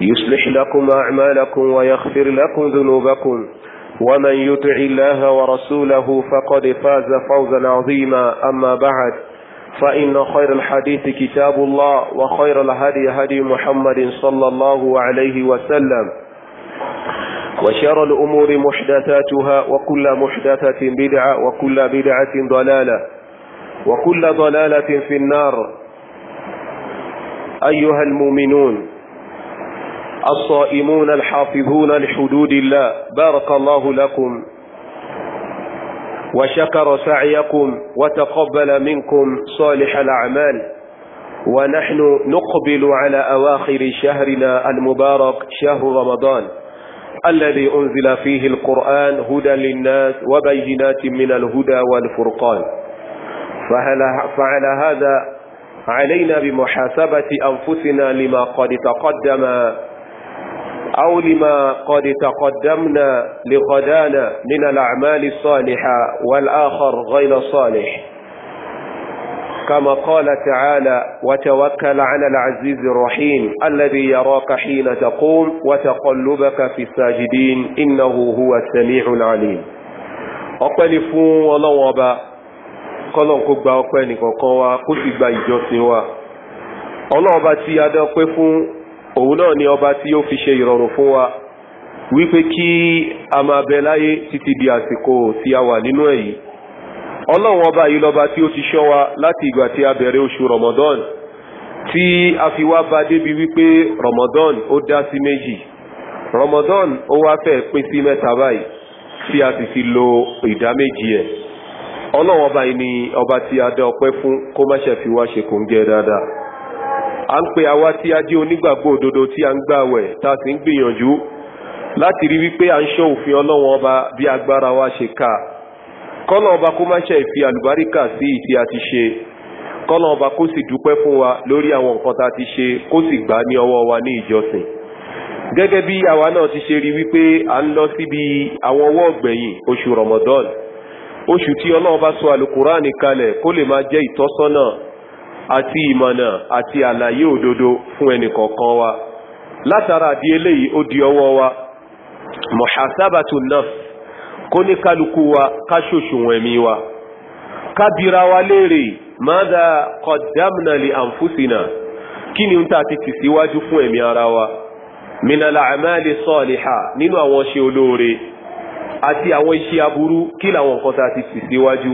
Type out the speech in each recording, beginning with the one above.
يصلح لكم أعمالكم ويغفر لكم ذنوبكم ومن يطع الله ورسوله فقد فاز فوزا عظيما أما بعد فإن خير الحديث كتاب الله وخير الهدي هدي محمد صلى الله عليه وسلم وشر الأمور محدثاتها وكل محدثة بدعة وكل بدعة ضلالة وكل ضلالة في النار أيها المؤمنون الصائمون الحافظون لحدود الله بارك الله لكم وشكر سعيكم وتقبل منكم صالح الأعمال ونحن نقبل على أواخر شهرنا المبارك شهر رمضان الذي أنزل فيه القرآن هدى للناس وبينات من الهدى والفرقان فعلى هذا علينا بمحاسبة أنفسنا لما قد تقدم أو لما قد تقدمنا لغدانا من الأعمال الصالحة والآخر غير صالح كما قال تعالى وتوكل على العزيز الرحيم الذي يراك حين تقوم وتقلبك في الساجدين إنه هو السميع العليم أقلفوا فون ولا وبا kọ́lọ̀n kó gba ọpẹ́ nìkọ̀ọ̀kan wa kó ọlọ́ọ̀ba tí a pé fún òun náà ni ọba tí ó fi ṣe ìrọ̀rùn fún wa wípé kí a máa bẹ láyé títí di àsìkò tí a wà nínú èyí ọlọ́run ọba yìí lọ́ba tí ó ti ṣọ́ wa láti ìgbà tí a bẹ̀rẹ̀ oṣù ramadan tí a fi wá bá débi wípé ramadan ó dá sí méjì ramadan ó wá fẹ́ pín sí mẹ́ta báyìí tí a sì fi lo ìdá méjì ẹ̀ ọlọ́run ọba yìí ni ọba tí a dá ọpẹ́ fún kó má ṣe fi wá ṣe kòńgẹ́ dáadáa à ń pe àwa tí a jẹ́ onígbàgbọ́ òdodo tí a ń gbàwẹ̀ tá a sì ń gbìyànjú láti rí wípé à ń ṣọ́ òfin ọlọ́wọ́n ọba bí agbára wa ṣe ká kọ́nà ọba kó má ṣe ìfi àlùbáríkà sí ìtí a ti ṣe kọ́nà ọba kó sì dúpẹ́ fún wa lórí àwọn nǹkan tá a ti ṣe kó sì gbà ní ọwọ́ wa ní ìjọsìn gẹ́gẹ́ bí àwa náà ti ṣe rí wípé à ń lọ síbi àwọn ọwọ́ ọ̀gbẹ̀yìn oṣù Ramadan oṣù tí ọlọ́run bá sọ àlùkùránì kalẹ̀ kó lè máa jẹ́ ìtọ́sọ́nà àti ìmọ̀nà àti àlàyé òdodo fún ẹnìkọ̀ọ̀kan wa látara di eléyìí ó di ọwọ́ wa muhasabatu nafs kó ní kálukú wa ká ṣòṣùwọ̀n ẹ̀mí wa ká wa léèrè mada qaddamna li anfusina kí ni ta ti tì síwájú fún ẹ̀mí ara wa minala amali sọ́ọ̀lìhà nínú àwọn ṣe olóore àti àwọn iṣẹ́ aburú kí làwọn nǹkan ta ti tì síwájú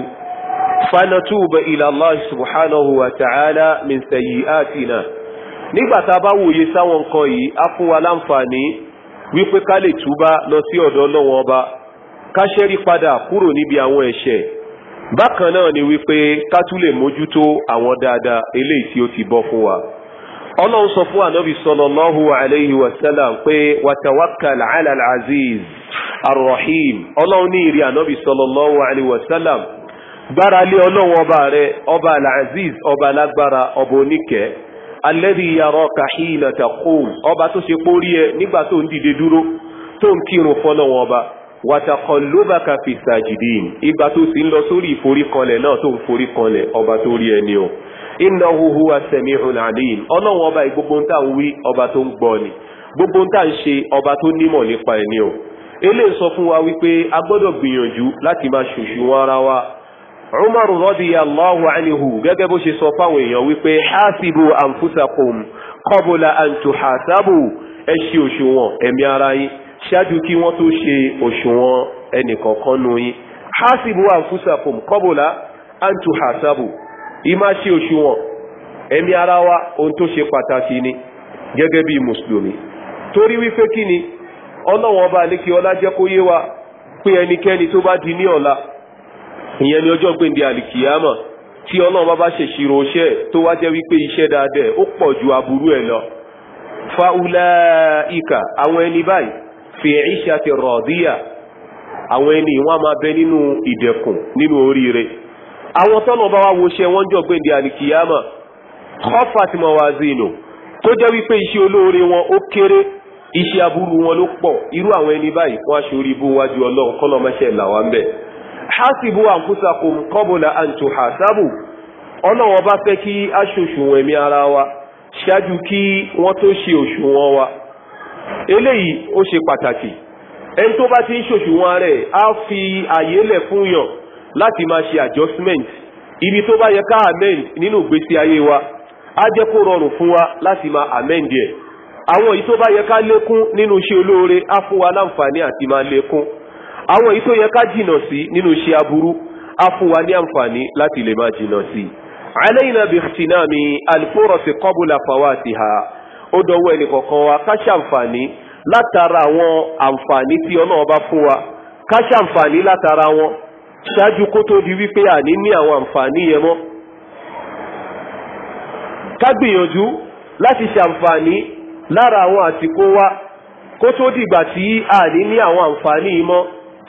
fanatuba ila Allah subhanahu wa ta'ala min sayyi'atina nígbà tá a bá wòye sáwọn nǹkan yìí á fún wa láǹfààní wípé ká lè túbá lọ sí ọ̀dọ̀ Ọlọ́run ọba ká ṣẹ́rí padà kúrò níbi àwọn ẹ̀ṣẹ̀ bákan náà ni wípé ká tún lè mójútó àwọn dáadáa eléyìí tí ó ti bọ́ fún wa ọlọ́run sọ fún ànábì sallallahu alayhi wa sallam pé watawakkal ala al ọlọ́run ní ìrì ànábì sallallahu alayhi wa sallam gbára lé ọlọ́run ọba rẹ ọba alaziz ọba alágbára ọba oníkẹ́ alladhi yaraka hina taqum ọba tó ṣe pórí ẹ nígbà tó ń dìde dúró tó ń kírun fọlọ́run ọba wa taqallubaka fi sajidin ìgbà tó sì ń lọ sórí ìforíkanlẹ̀ náà tó ń foríkanlẹ̀ ọba tó rí ẹni o innahu huwa sami'un alim ọlọ́run ọba ìgbogbo ń tà ń wí ọba tó ń gbọ́ ni gbogbo ń tà ń ṣe ọba tó nímọ̀ nípa ẹni o eléyìí sọ fún wa wípé a gbọ́dọ̀ gbìyànjú láti máa ṣòṣùwọ̀n ara wa umar radiyallahu anhu gẹ́gẹ́ bó ṣe sọ fáwọn èèyàn wípé hasibu anfusakum qabla an tuhasabu ẹ ṣe òṣùwọ̀n ẹ̀mí ara yín ṣáájú kí wọ́n tó ṣe òṣùwọ̀n ẹnìkọ̀ọ̀kan nù yín hasibu anfusakum qabla an tuhasabu ìmá ṣe òṣùwọ̀n ẹ̀mí ara wa ohun tó ṣe pàtàkì ni gẹ́gẹ́ bí mùsùlùmí torí wípé kí ni ọlọ́wọ́n ọba àlékè ọlá jẹ́ kó yé wa pé ẹnikẹ́ni tó bá di ní ọ̀la ìyẹn ni ọjọ́ gbèǹde àlìkìyàmà tí ọlọ́run bá bá ṣèṣirò iṣẹ́ tó wá jẹ́ wípé iṣẹ́ dáadáa ó pọ̀ ju aburú ẹ̀ lọ fáúláìkà àwọn ẹni báyìí fi ìṣà ti rọ̀díyà àwọn ẹni wọ́n máa bẹ nínú ìdẹ̀kùn nínú oríire àwọn tọ́nà bá wá wo iṣẹ́ wọn jọ gbèǹde àlìkìyàmà kọfàt mọ̀wázínù tó jẹ́ wípé iṣẹ́ olóore wọn ó kéré iṣẹ́ aburú wọn ló pọ̀ irú àwọn ẹni báyìí wọ́n aṣorí bó wájú ọlọ́run kọ́lọ́mọṣẹ́ làwọn bẹ́ẹ̀ hasibu anfusakum qabla an tuhasabu ọlọ́wọ́ bá fẹ́ kí a ṣòṣùwọ̀n ẹ̀mí ara wa ṣáájú kí wọ́n tó ṣe òṣùwọ̀n wa eléyìí ó ṣe pàtàkì ẹni tó bá ti ń ṣòṣùwọ̀n rẹ̀ á fi àyè lẹ̀ fún yàn láti máa ṣe adjustment ibi tó bá yẹ ká amend nínú ìgbésí ayé wa á jẹ́ kó rọrùn fún wa láti máa amen yẹ àwọn èyí tó bá yẹ ká lékún nínú iṣẹ́ olóore á fún wa láǹfààní àti máa lékún àwọn èyí tó yẹ ká jìnà sí nínú iṣẹ́ aburú á fún wa ní àǹfààní láti lè máa jìnà sí i. alayna bi ihtinami al-furasi qabla fawatiha ó dọwọ́ ẹnì kọ̀ọ̀kan wa ká ṣàǹfààní látara àwọn àǹfààní tí Ọlọ́run bá fún wa ká ṣàǹfààní látara wọn ṣáájú kó tó di wípé àní ní àwọn àǹfààní yẹn mọ́ ká gbìyànjú láti ṣàǹfààní lára àwọn àsìkò wa kó tó dìgbà tí àní ní àwọn àǹfààní yìí mọ́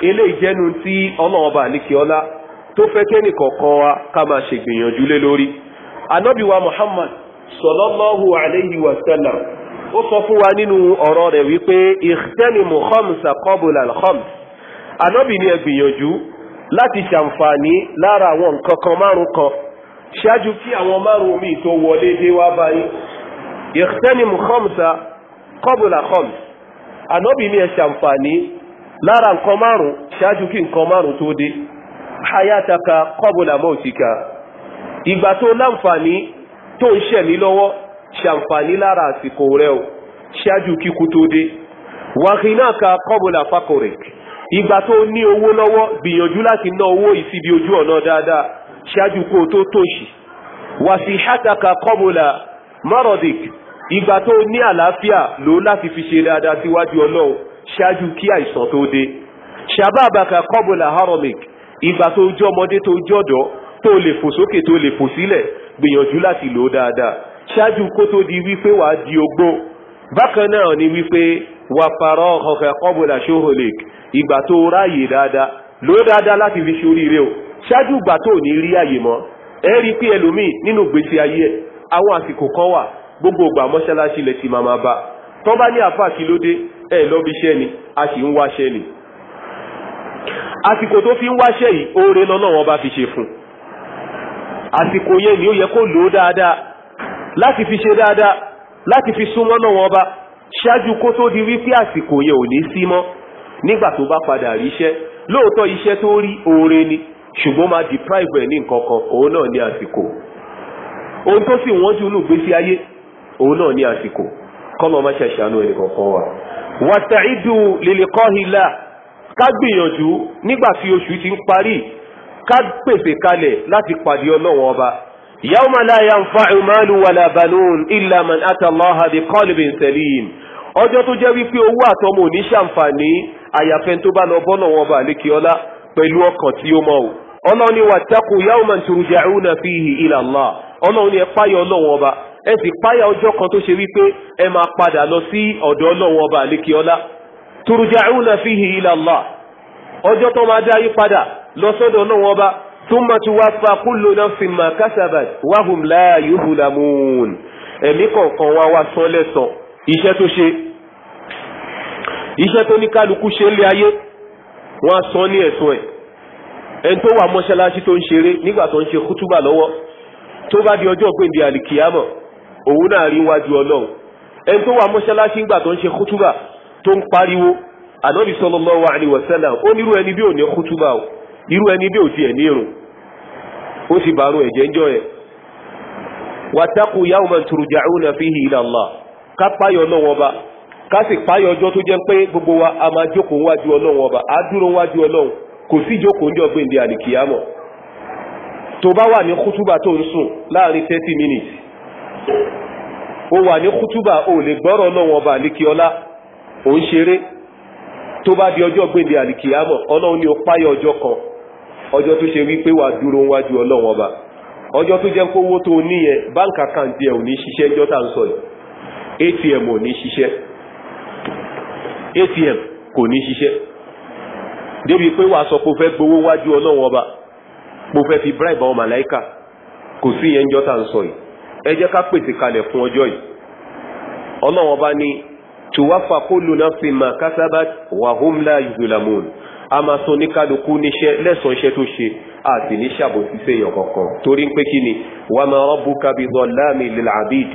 eléyìí jẹ́nu tí ọlọ́run ọba àlekè ọlá tó fẹ́ kẹ́nì kọ̀ọ̀kan wa ká máa ṣe gbìyànjú lé lórí anábìwa muhammad sallallahu alayhi wa sallam ó sọ fún wa nínú ọ̀rọ̀ rẹ̀ wípé ìtẹ́nimù khamsa qabla al-khams anábì ni ẹ gbìyànjú láti ṣàǹfààní lára àwọn nǹkan kan márùn kan ṣáájú kí àwọn márùn mi tó wọlé dé wá báyìí ìtẹ́nimù khamsa qabla al anábì ni ẹ ṣàǹfààní lára nǹkan márùn ṣáájú kí nǹkan márùn tó dé hayataka qabla mautika ìgbà tó láǹfààní tó ń ṣẹ̀mí lọ́wọ́ ṣàǹfààní lára àsìkò rẹ o ṣáájú kíkú tó dé wàhínáka qabla fakorek ìgbà tó ní owó lọ́wọ́ gbìyànjú láti ná owó ìsíbi ojú ọ̀nà dáadáa ṣáájú kó tó tòṣì wàsíhátaka qabla marodik ìgbà tó ní àlàáfíà lò láti fi ṣe dáadáa síwájú ọlọ́run ṣáájú kí àìsàn tó dé ṣàbàbàkà kọ́bùlà haromic ìgbà tó jọ́ ọmọdé tó jọ́dọ̀ tó lè fò sókè tó lè fò sílẹ̀ gbìyànjú láti lò ó dáadáa ṣáájú kó tó di wípé wàá di ogbó bákan náà ni wípé wà pàrọ̀ ọ̀kọ̀kẹ̀ kọ́bùlà ṣóholic ìgbà tó ráàyè dáadáa lò ó dáadáa láti fi ṣe oríire o ṣáájú ìgbà tó ní rí àyè mọ́ ẹ rí pé ẹlòmíì nínú gbèsè ayé ẹ àwọn àsìkò kan wà gbogbo ìgbà mọ́ṣáláṣí lẹ ti máa bá tọ́ bá ní àfáà kí ló dé ẹ lọ bí iṣẹ́ ni a sì ń wáṣẹ́ ni àsìkò tó fi ń wáṣẹ́ yìí oore lọ́lọ́wọ́ bá fi ṣe fún àsìkò ni ó yẹ kó lò ó dáadáa fi ṣe dáadáa láti fi súnmọ́ náà wọn bá ṣáájú kó tó di wípé àsìkò yẹn ò ní sí mọ́ nígbà tó bá padà rí iṣẹ́ lóòótọ́ iṣẹ́ tó oore ni ṣùgbọ́n máa deprive ẹ̀ ní nǹkan kan òun náà ní àsìkò ohun tó sì wọ́n jù nù ayé òun náà ní àsìkò ẹnì kọ̀ọ̀kan wàtàídù lèlèkọ́hìlà ká gbìyànjú nígbà tí oṣù ti ń parí ká pèsè kalẹ̀ láti pàdé ọlọ́wọ́n ọba yawma la yanfa'u malun wala banun illa man ata Allaha bi qalbin salim ọjọ́ tó jẹ́ wípé owó àtọmọ ò ní ṣàǹfààní àyàfẹ́ tó bá lọ bọ́nà wọn bá lékiọ́lá pẹ̀lú ọkàn tí ó mọ̀ ọ́ ọlọ́run ni wattaqu yawman turja'una fihi ila Allah ọlọ́run ni ẹ páyọ ẹ sì páyà ọjọ́ kan tó ṣe wípé ẹ máa padà lọ sí ọ̀dọ̀ ọlọ́wọ́ ọba àlékiọlá turja'una fihi ila Allah ọjọ́ tó máa dá yí padà lọ sọ́dọ̀ ọlọ́wọ́ ọba thumma tuwaffa kullu nafsin ma kasabat wa hum la yuhlamun ẹ̀mí kọ̀ọ̀kan wa wá san lẹ́san iṣẹ́ tó ṣe iṣẹ́ tó ní kálukú ṣe ń lé ayé wọ́n á san ní ẹ̀san ẹ̀ ẹni tó wà mọ́ṣáláṣí tó ń ṣeré nígbà tó ń ṣe kútúbà lọ́wọ́ tó bá di ọjọ́ gbèǹde àlìkìyàmọ̀ owu náà rí wájú ọlọ́run ẹni tó wà mọ́ṣáláṣí ńgbà tó ń ṣe kútúbà tó ń pariwo ànábì sallallahu alaihi wasallam ó nírú ẹni bí ò ní kútúbà o irú ẹni bí ò tiẹ̀ ní irun ó sì bàrún ẹ̀jẹ̀ ń ẹ̀ wàtàkù na ila Allah ká páyọ̀ náà bá ká sì páyọ̀ ọjọ́ tó jẹ́ gbogbo wa a máa jókòó wájú dúró wájú kò sí ó wà ní kútúbà ó lè gbọ́rọ̀ ọlọ́run ọba àlekíọ́lá ó ń ṣeré tó bá di ọjọ́ gbèdé àlìkìyàmọ̀ ọlọ́run ní o páyọ̀ ọjọ́ kan ọjọ́ tó ṣe wípé wà dúró wájú ọlọ́run ọba ọjọ́ tó jẹ́ kówó tó níyẹn báńkì àkáǹtì ẹ̀ ò ní ṣiṣẹ́ ẹjọ́ tá ń sọ atm ò ní ṣiṣẹ́ atm kò ní ṣiṣẹ́ débi pé wà sọ pé o fẹ́ gbowó wájú ọlọ́run ọba mo fẹ́ fi bribe àwọn màláìkà kò sí ìyẹn ẹjọ́ tá ń sọ yìí ẹ jẹ́ ká pèsè kalẹ̀ fún ọjọ́ yìí ọlọ́run ọba ní tuwafa kullu nafsin ma kasabat wa hum la yuzlamun a máa san oníkálukú níṣẹ́ lẹ́sàn iṣẹ́ tó ṣe àti ní ṣàbòsí séèyàn kankan torí ń pé kí ni wa ma rabbuka bi dhallamin lil abid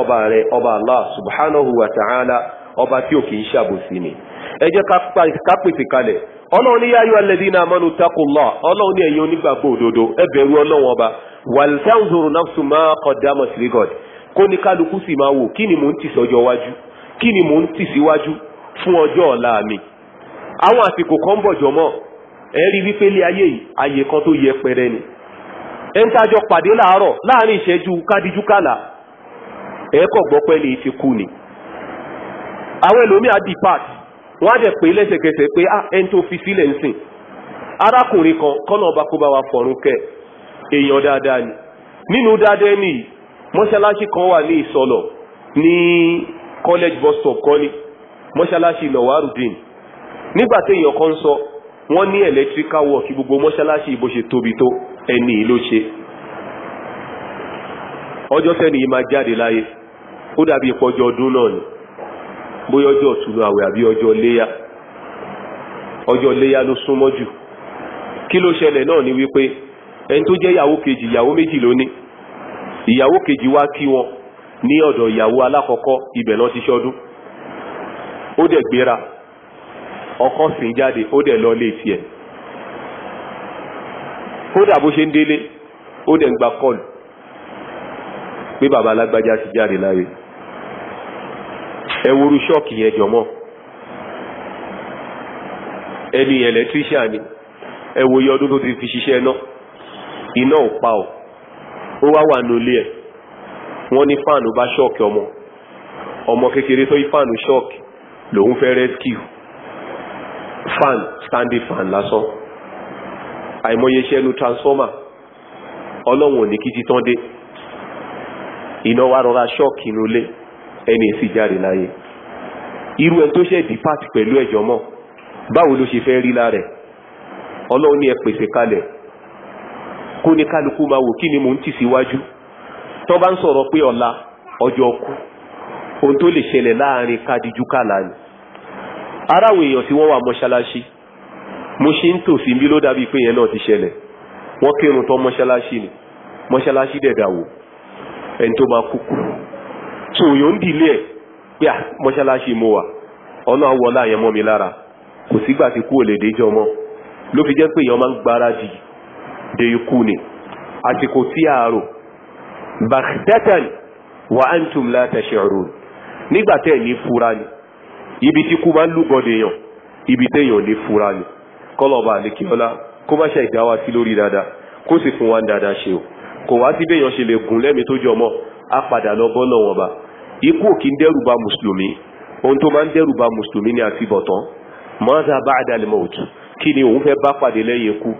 ọba rẹ ọba allah subhanahu wa ta'ala ọba tí ò kì ṣàbòsí ni ẹ jẹ́ ká pèsè kalẹ̀ ọlọ́run ní yáyọ alladhina amanu taqullah ọlọ́run ní ẹ̀yin onígbàgbọ́ òdodo ẹ bẹ̀rù ọlọ́run ọba wal tanzuru nafsu ma qaddamat ligad kó ní kálukú sì máa wò kí ni mò ń tì sọ́jọ́ wájú kí ni mò ń tì síwájú fún ọjọ́ ọ̀la mi àwọn àsìkò kan bọ̀ jọmọ́ ẹ rí wípé lé ayé yìí ayé kan tó yẹ pẹrẹ ni ẹ ń tájọ pàdé láàárọ̀ láàrin ìṣẹ́jú kádìjú kàlà ẹ kọ̀ gbọ́ pẹ́lẹ́ ti kú ni àwọn ẹlòmíà depart wọ́n á dẹ̀ pé lẹ́sẹ̀kẹsẹ̀ pé ah ẹni tó fi sílẹ̀ ń sìn arákùnrin kan kọ́nà ọba kó bá wa fọ̀run kẹ èèyàn dáadáa ni nínú dáadáa ẹni mọ́ṣáláṣí kan wà ní ìsọlọ̀ ní college bus stop kan ní mọ́ṣáláṣí lọ́wárùdín nígbà tí èèyàn kan sọ wọ́n ní electrical work gbogbo mọ́ṣáláṣí bó ṣe tóbi tó ẹni ló ṣe ọjọ́ tẹ́ni yìí máa jáde láyé ó dàbí ìpọ́jọ ọdún náà ni bóyá ọjọ́ ọ̀túnú àwẹ̀ àbí ọjọ́ léyà ọjọ́ léyà ló súnmọ́ jù kí ló ṣẹlẹ̀ náà ni wípé ẹni tó jẹ́ ìyàwó kejì ìyàwó méjì ló ní ìyàwó kejì wá kí wọn ní ọ̀dọ̀ ìyàwó alákọ̀ọ́kọ́ ibẹ̀ náà ti ṣọdún ó dẹ̀ gbéra ọkọ sìn jáde ó dẹ̀ lọ lé tiẹ̀ kódà bó ṣe ń délé ó dẹ̀ ń gba kọ́ọ̀lù pé bàbá alágbájá ti jáde láyé ẹ woru ṣọ́ọ̀kì yẹn jọmọ́ ẹni ẹlẹtíríṣà ni ẹ wo iye ọdún tó ti fi ṣiṣẹ́ náà iná ò pa ọ́ ó wá wà nílé ẹ̀ wọ́n ní fáànù bá ṣọ́ọ̀kì ọmọ ọmọ kékeré tó yí ṣọ́ọ̀kì lòun fẹ́ rescue fan standing fan lásán àìmọye ṣẹ́nu transformer ọlọ́run ò ní kí títán dé iná wá rọra ṣọ́ọ̀kì nílé ẹni sì jáde láyé irú ẹ tó ṣe depart pẹ̀lú ẹ̀jọ̀ mọ́ báwo ló ṣe fẹ́ rí lára ọlọ́run ní ẹ pèsè kalẹ̀ kó ní kálukú máa wò kí ni mò ń tì síwájú tó bá ń sọ̀rọ̀ pé ọ̀la ọjọ́ ọkú ohun tó lè ṣẹlẹ̀ láàrin kádìjú kàlà ni aráwọ̀ èèyàn tí wọ́n wà mọ́ṣáláṣí mo ṣe ń tòsí bí ló dàbí pé yẹn náà ti ṣẹlẹ̀ wọ́n kírun tán mọ́ṣáláṣí ni mọ́ṣáláṣí dẹ̀dà wò ẹni tó máa kúkú so òyàn ń dìlé ẹ̀ pé ah, mọ́ṣáláṣí mo wà ọ̀nà àwọn ọ̀la yẹn mọ́ mi lára kò sígbà tí kú ò lè déjọ́ mọ́ ló fi jẹ́ pé èèyàn máa ń gbáradì de ikú ni àsìkò tí àárò baghdatan wa antum la tash'urun nígbà tẹ́ ẹ̀ ní fura ni ibi tí kú máa ń lúgọ̀dẹ̀ yàn ibi téèyàn ní fura ni kọ́lọ̀ba àlekíọ́lá kó má ṣe ìdáwà sí lórí dáadáa kó sì fún wa ń dáadáa ṣe o kò wá síbẹ̀ yàn ṣe lè gùn lẹ́mi tó jọ mọ́ á padà lọ bọ́ náà bá ikú òkín dẹ́rù bá mùsùlùmí ohun tó máa ń dẹ́rù bá mùsùlùmí ní àfibọ̀tán mọ́ta bá àdàlẹ́mọ̀t kí ni òun fẹ́ bá pàdé lẹ́yìn ikú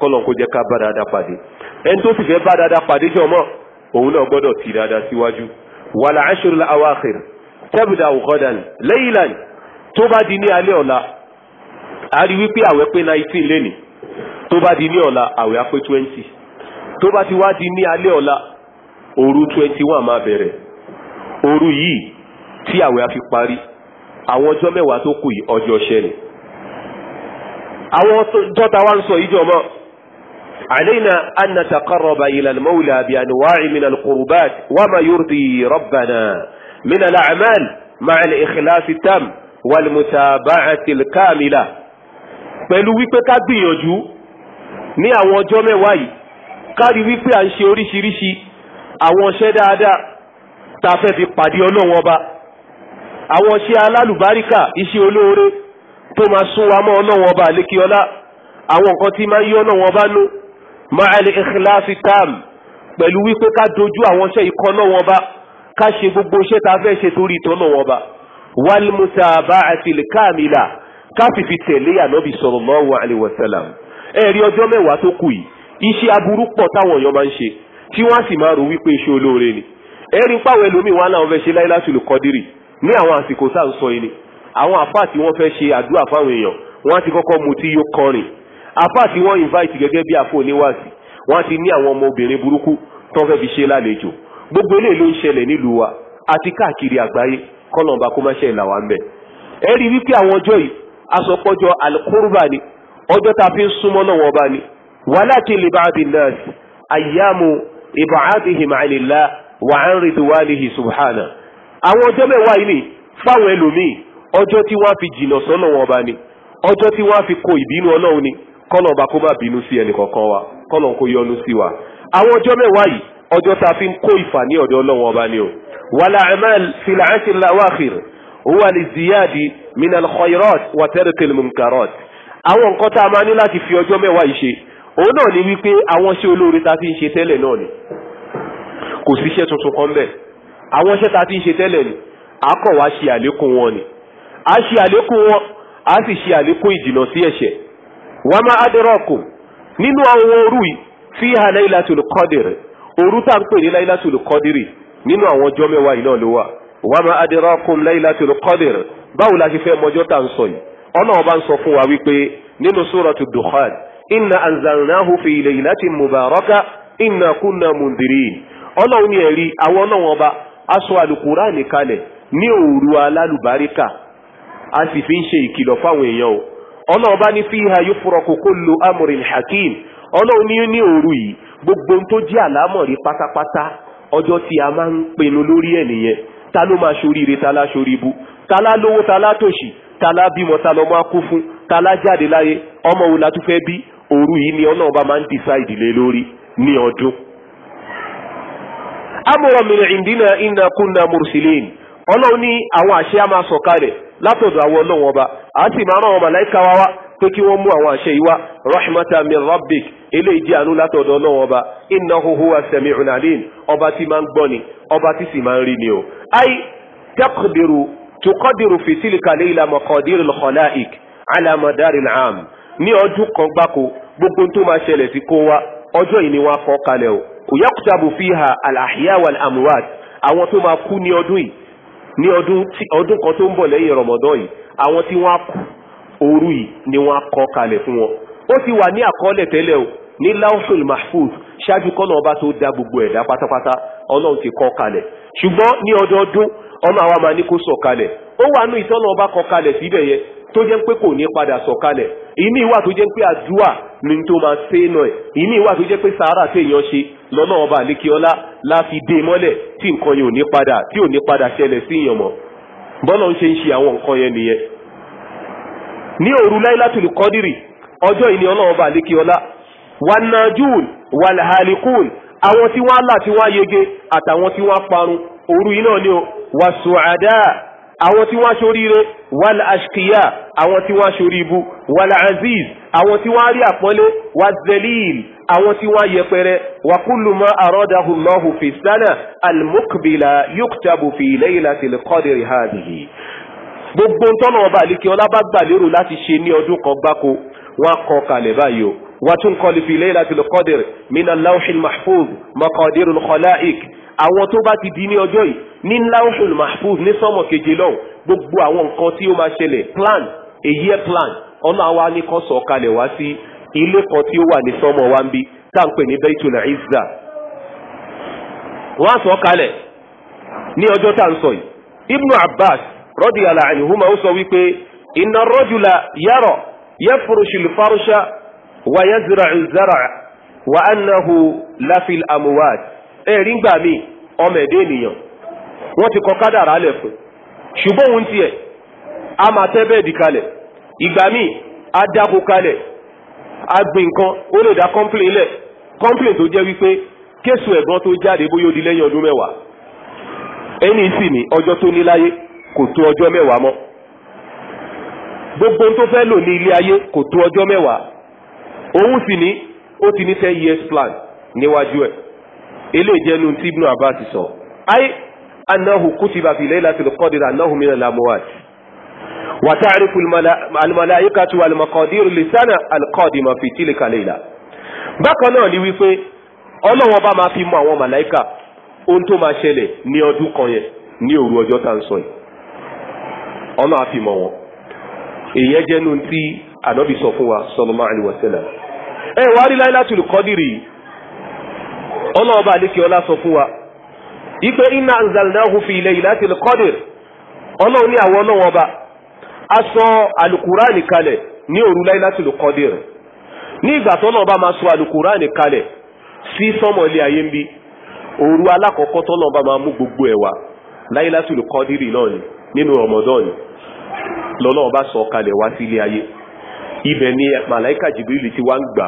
kọ́lọ̀ kó jẹ́ ká bá dáadáa pàdé ẹni tó sì fẹ́ bá dáadáa pàdé jọ mọ́ òun náà gbọ́dọ̀ ti dáadáa síwájú wàlà ashurul awakhir tẹ́bùdà òkọ́dàn laylan tó bá di ní alẹ́ ọ̀la a rí wípé àwẹ̀ pé nineteen lẹ́nìí tó bá di ní ọ̀la àwẹ̀ á pé twenty tó bá ti wá di ní alẹ́ ọ̀la òru twenty one máa bẹ̀rẹ̀ òru yìí tí àwẹ̀ àfi parí àwọn ọjọ́ mẹ́wàá tó kù yìí ọjọ́ ṣẹ́ ni àwọn dọ́ta wa ń sọ ìjọ mọ́ علينا أن نتقرب إلى المولى بأنواع من القربات وما يرضي ربنا من الأعمال مع الإخلاص التام والمتابعة الكاملة pẹ̀lú wípé ká gbìyànjú ní àwọn ọjọ́ mẹ́wàá yìí ká rí wípé à ń ṣe oríṣiríṣi àwọn iṣẹ́ dáadáa tá a fẹ́ fi pàdé ọlọ́run ọba àwọn iṣẹ́ alálùbáríkà iṣẹ́ olóore tó máa sún wa mọ́ ọlọ́run ọba àlékiọlá àwọn nǹkan tí máa ń yí ọlọ́run ọba nú ma'al ikhlasi tam pẹ̀lú wípé ká dojú àwọn iṣẹ́ ikọ́ ọlọ́run ọba ká ṣe gbogbo iṣẹ́ tá a fẹ́ ṣe torí ìtọ́ ọlọ́run ọba wal mutaba'ati l-kamila ká fìfi tẹ̀lé ànábì sallallahu alaihi wasallam tí wọ́n á sì máa rò wípé iṣẹ́ olóore ni ẹ̀rí pàwọn ẹlòmíì wọn náà fẹ́ ṣe láìláṣùlù kọ́dírì ní àwọn àsìkò sáà ń sọ yìí ni àwọn àfáà tí wọ́n fẹ́ ṣe àdúrà fáwọn èèyàn wọ́n ti kọ́kọ́ mu tí yóò kọrin àfáà tí wọ́n invite gẹ́gẹ́ bí àfọ oníwàásì wọ́n ti ní àwọn ọmọ obìnrin burúkú tó fẹ́ fi ṣe lálejò gbogbo eléyìí ló ń ṣẹlẹ̀ nílùú wa àti káàkiri àgbáyé kọ́nọ̀ọ́ba kó ọjọ́ yìí fi ń súnmọ́ náà wọ́n bá ni wàhálà kí lè bá a bí nọ́ọ̀sì àyàmù ìbàdìhìmọ̀ àlìlá wà á ń retí wá níhi subhana àwọn ọjọ́ mẹ́wàá yìí ni fáwọn ẹlòmíì ọjọ́ tí wọ́n á fi jìnnà sọ́nà wọn ọba ni ọjọ́ tí wọ́n á fi kó ìbínú ọlọ́run ni kọ́nà ọba kó má bínú sí ẹnì kọ̀ọ̀kan wa kọ́nà kó yọ́nú sí wa àwọn ọjọ́ mẹ́wàá yìí ọjọ́ tá a fi ń kó ìfà ní ọ̀dọ̀ ọlọ́run ọba ni o wàlà amal fil ashri lawaakhir huwa ziyadi min alkhayrat kò sí iṣẹ́ tuntun kan bẹ́ẹ̀ àwọn iṣẹ́ ta ti ń ṣe tẹ́lẹ̀ ni a kọ̀ wá ṣe àlékún wọn ni a ṣe àlékún wọn a sì ṣe àlékún ìjìnà sí ẹ̀ṣẹ̀ wọ́n máa adẹ́rọ̀kù nínú àwọn òru yìí fi hàn láìláṣùlù kọ́dìrì òru tá à ń pè ní láìláṣùlù kọ́dìrì nínú àwọn ọjọ́ mẹ́wàá yìí náà ló wà wọ́n máa adẹ́rọ̀kù láìláṣùlù kọ́dìrì báwo la ṣe fẹ́ mọjọ́ tá à sọ yìí ọlọ́run bá ń sọ fún wa wípé nínú sóràtù dùkhan inna anzalnahu fi laylatin mubaraka inna kunna mundirin ọlọ́run ní ẹ̀rí àwọn ọlọ́run ọba aṣọ àlùkùránì kalẹ̀ ní òru alálùbáríkà a sì fi ń ṣe ìkìlọ̀ fáwọn èèyàn o ọlọ́run bá ní fíha yufraku lo amrin hakeem. ọlọ́run ní ní òru yìí gbogbo tó jẹ́ àlámọ̀rí pátápátá ọjọ́ tí a máa ń pinnu lórí ẹ̀ ta ló máa ṣoríire ta lá ṣoríbu ta lá lówó ta lá tòṣì ta lá bímọ ta lọ́mọ á fún ta lá ọmọ wo la tún fẹ́ ni ọlọ́run ọba máa ń decide lé lórí ní amúrọ̀ mi ìdínà iná kúnna mùsùlùmí ọlọ́run ní àwọn àṣẹ á máa sọ̀kalẹ̀ látọ̀dọ̀ àwọn ọlọ́run ọba àá sì máa rán àwọn màláìka wá wá pé kí wọ́n mú àwọn àṣẹ yìí wá rahmatan min rabbik eléyìí jẹ́ àánú látọ̀dọ̀ ọlọ́run ọba innahu huwa sami'un alim ọba tí máa ń gbọ́ ni ọba tí sì máa ń rí ni o. ay taqdiru tuqadiru fi tilka layla maqadir al-khalaiq ala ní ọdún kan gbáko gbogbo tó máa ṣẹlẹ̀ sí kó wa ọjọ́ yìí ni wọ́n kọ kalẹ̀ o yakutabu fiha alahia wal amwat àwọn tó máa kú ní ọdún yìí ní ọdún tí ọdún kan tó ń bọ̀ lẹ́yìn rọmọdán yìí àwọn tí wọ́n kú yìí ni wọ́n kọ kalẹ̀ fún wọn ó ti wà ní àkọọ́lẹ̀ tẹ́lẹ̀ ọba tó gbogbo pátápátá ọlọ́run ti kalẹ̀ ṣùgbọ́n ní ọdọọdún ọmọ àwa máa ní kó sọ kalẹ̀ ó wà ìtọ́nà tó jẹ́ pé kò ní padà sọ̀kalẹ̀ ìmí wà tó jẹ́ pé àdúà ní tó máa ṣe náà ìmí Sahara tó jẹ́ pé sàárà ṣe lọ́nà ọba àlékiọ́lá láfi dé e mọ́lẹ̀ tí nǹkan yẹn ò ní padà tí ò ní padà ṣẹlẹ̀ sí èèyàn mọ́ bọ́nà ń ṣe ń ṣe àwọn nǹkan yẹn nìyẹn. ní òru láìlátùlù kọ́dìrì ọjọ́ ìní ọlọ́run ọba àlékiọ́lá wanajun walhalikun àwọn tí wọ́n á là tí yege àtàwọn tí wọ́n á parun òru yìí náà ni àwọn tí wọ́n aṣoríire wal ashkiya àwọn tí wọ́n aṣoríibu wal aziz àwọn tí wọ́n arí àpọ́nlé wal zelil àwọn tí wọ́n ayẹpẹrẹ wa kullu ma aradahu Allahu fi sana al-muqbila yuktabu fi gbogbo ntọ́nà ọba àlekè ọlá bá gbà lérò láti ṣe ní ọdún kan gbáko wọn kọ kalẹ̀ báyìí o wàtún kọlifì laylatil qadri min al àwọn tó bá ti di ní ọjọ́ yìí ní mahfuz ní keje gbogbo àwọn nǹkan tí ó máa ṣẹlẹ̀ plan a plan ọ̀nà àwa ni kan sọ̀ kalẹ̀ wá sí ilé kan tí ó wa ń bí tá à pè ní Baitul Izza wọ́n sọ̀ kalẹ̀ Ibnu Abbas radiyallahu anhuma ó sọ wípé inna rajula yara yafurushu al-farsha wa yazra'u ẹ̀rí ńgbà míì ọmọ ẹ̀dẹ́ ènìyàn wọ́n ti kọ kádàrá lẹ̀ fún ṣùgbọ́n òun tiẹ̀ a máa tẹ́ bẹ́ẹ̀dì kalẹ̀ ìgbà míì a dáko kalẹ̀ a gbìn nǹkan ó lè dá kọ́ńplẹ̀n lẹ̀ kọ́ńplẹ̀n tó jẹ́ wípé kéṣù ẹ̀gbọ́n tó jáde di lẹ́yìn ọdún mẹ́wàá ẹni sì ọjọ́ tó ní láyé kò tó ọjọ́ gbogbo tó fẹ́ lò ní ilé ayé kò tó ọjọ́ mẹ́wàá òun sì ni ó ti ní years plan níwájú ilé ìjẹnu tí ibnu abbas sọ ayé anahu kutiba fi laylatil qadr anahu min al-amwat wa ta'rifu al-malaikatu wal maqadir lisana al-qadima fi tilka layla bákan náà ni wípé ọlọ́wọ́n bá máa fi mọ àwọn màláìka ohun tó máa ṣẹlẹ̀ ní ọdún kan yẹn ní òru ọjọ́ tá ń sọ yìí ọ̀nà àfimọ̀ wọn èèyàn jẹ́nu tí ànábì sọ fún wa sallallahu alaihi wasallam ẹ wá rí Laylatul Qadri ọlọ́ọ̀bá àdékè ọlá sọ fún wa ipe inna anzalnahu fi laylatil qadr ọlọ́run ní àwọn ọlọ́wọ́ ọba a sọ alukurani kalẹ̀ ní òru laylatil qadr ní ìgbà ọba máa sọ alukurani kalẹ̀ sí sọmọ ilé ayé ń bí òru alákọ̀ọ́kọ́ ọba máa mú gbogbo ẹ̀ wá ni nínú ọba sọ kalẹ̀ wá sí ilé ayé ibẹ̀ ni ti wá ń gbà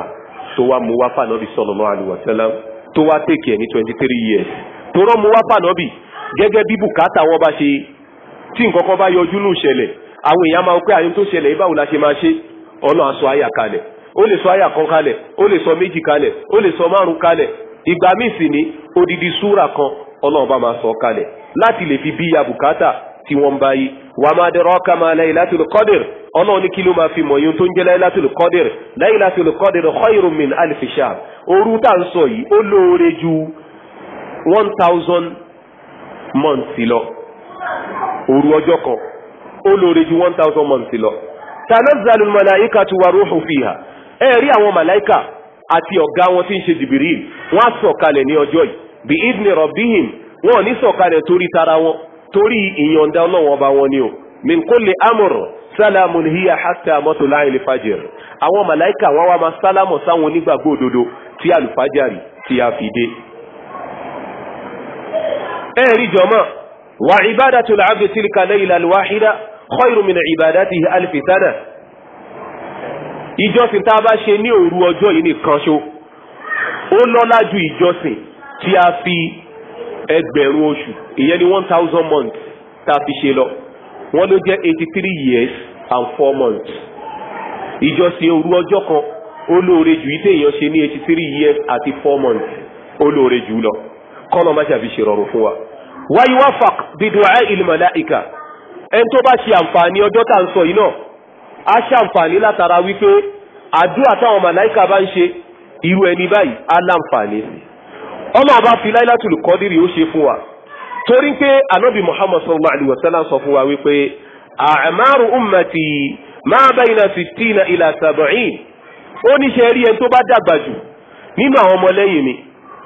tó wá tó wá tèkì ẹ̀ ní twenty three years tó rán mu wá bànọ́bì gẹ́gẹ́ bí bùkátà wọn bá ṣe tí nǹkan kan bá yọjú nù ṣẹlẹ̀ àwọn èèyàn máa ń pé àyún tó ṣẹlẹ̀ ibáwo la ṣe máa ṣe ọ̀nà aṣọ àyà kalẹ̀ ó lè sọ àyà kan kalẹ̀ ó lè sọ méjì kalẹ̀ ó lè sọ márùn kalẹ̀ ìgbà míì sì ni odidi súra kan ọlọ́run máa sọ kalẹ̀ láti lè fi bí ya bùkátà tí wọ́n ń bá wàmà adraka ma laylatul qadr ọlọ́run ní kí ló máa fi mọ̀ yín tó ń jẹ́ laylatul qadr laylatul qadr khayrun min alfi shahr òru tá à ń sọ yìí ó lóore ju one thousand months lọ òru ọjọ́ kan ó lóore ju one thousand months lọ tanazzalul malaikatu waruhu fiha ẹ rí àwọn màláìkà àti ọ̀gá wọn tí ń ṣe Jibril wọ́n á sọ̀kalẹ̀ ní ọjọ́ yìí bí idni rabbihim wọn ò ní sọ̀kalẹ̀ torí tara wọn torí ìyọ̀ǹda ọlọ́wọ́n ọba wọn ni o min kulli amr salamun hiya hatta mọ́tòlá ìlífàjẹ̀r àwọn màláìkà wọn wá máa sálámọ̀ sáwọn onígbàgbọ́ òdodo tí àlùfájàrì tí a fi dé. ẹ rí jọmọ wà ibadatul abdi tilka laylatul wahida khairu min ibadatihi alfi sana ìjọsìn tá a bá ṣe ní òru ọjọ́ yìí nìkan ṣo ó lọ́lá ju ìjọsìn tí a fi ẹgbẹ̀rún oṣù ìyẹn ni one thousand months tá a fi ṣe lọ wọ́n ló jẹ́ eighty three years and four months ìjọsìn òru ọjọ́ kan ó lóore jù ilé èèyàn ṣe ní eighty three years àti four months ó lóore jù lọ kọ́nà má ṣàfi ṣe rọrùn fún wa. wáyé wá fàk bídùn ẹ ìlmàláìkà ẹni tó bá ṣe àǹfààní ọjọ́ tá à ń sọ yìí náà á ṣàǹfààní látara wípé àdúrà táwọn màláìkà bá ń ṣe irú ẹni báyìí á láǹfààní sí i ọlọ́run bá fi láìláàtúlù kọ́dírì ó ṣe fún wa torí pé anábì muhammad sallallahu alayhi wa sallam sọ fún wa wípé àmàrù ummati máa bayna sittina ila sab'in ó ní ṣe rí ẹni tó bá dàgbà jù nínú àwọn ọmọlẹ́yìn mi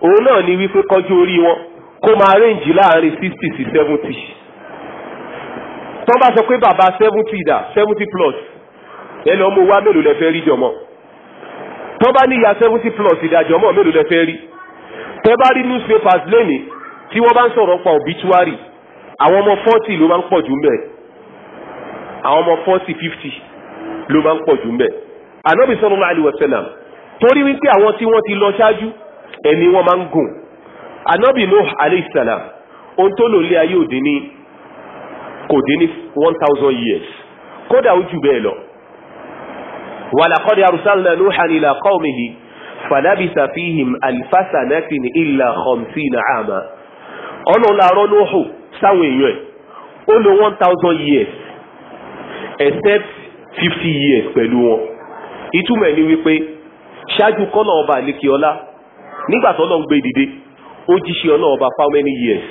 òun náà ni wípé kọjú orí wọn kó máa rẹ́ǹjì láàrin sixty sí seventy tán bá sọ pé bàbá seventy dà seventy plus ẹ lọ́ mú wá mélòó lẹ fẹ́ rí jọmọ́ tán bá seventy plus ìdájọ́ mọ́ mélòó lẹ fẹ́ rí tẹ́ bá rí newspapers lẹ́nìí tí wọ́n bá ń sọ̀rọ̀ pa obituary àwọn ọmọ forty ló máa ń pọ̀ jù mbẹ̀ àwọn ọmọ forty fifty ló máa ń pọ̀ jù mbẹ̀ anabi sallallahu alaihi wasallam torí wípé àwọn tí wọ́n ti lọ ṣáájú ẹ̀mí wọn máa ń gùn anabi nuh alayhi salam ohun tó lò lé ayé òde ní kò dín ní one thousand years kódà ó jù bẹ́ẹ̀ lọ wàlàkọ́dé arúsálẹ̀ nuhan ila qawmihi falabisa fihim alifasanatin illa khamsina ama ọ̀nà làárọ̀ nóòhù sáwọn èèyàn ẹ̀ ó lò one thousand years except fifty years pẹ̀lú wọn ìtumọ̀ ẹ̀ ni wípé ṣáájú kọ́nà ọba àlekè nígbà tó lọ́n gbé dìde ó jíṣẹ́ ọlọ́run ọba for many years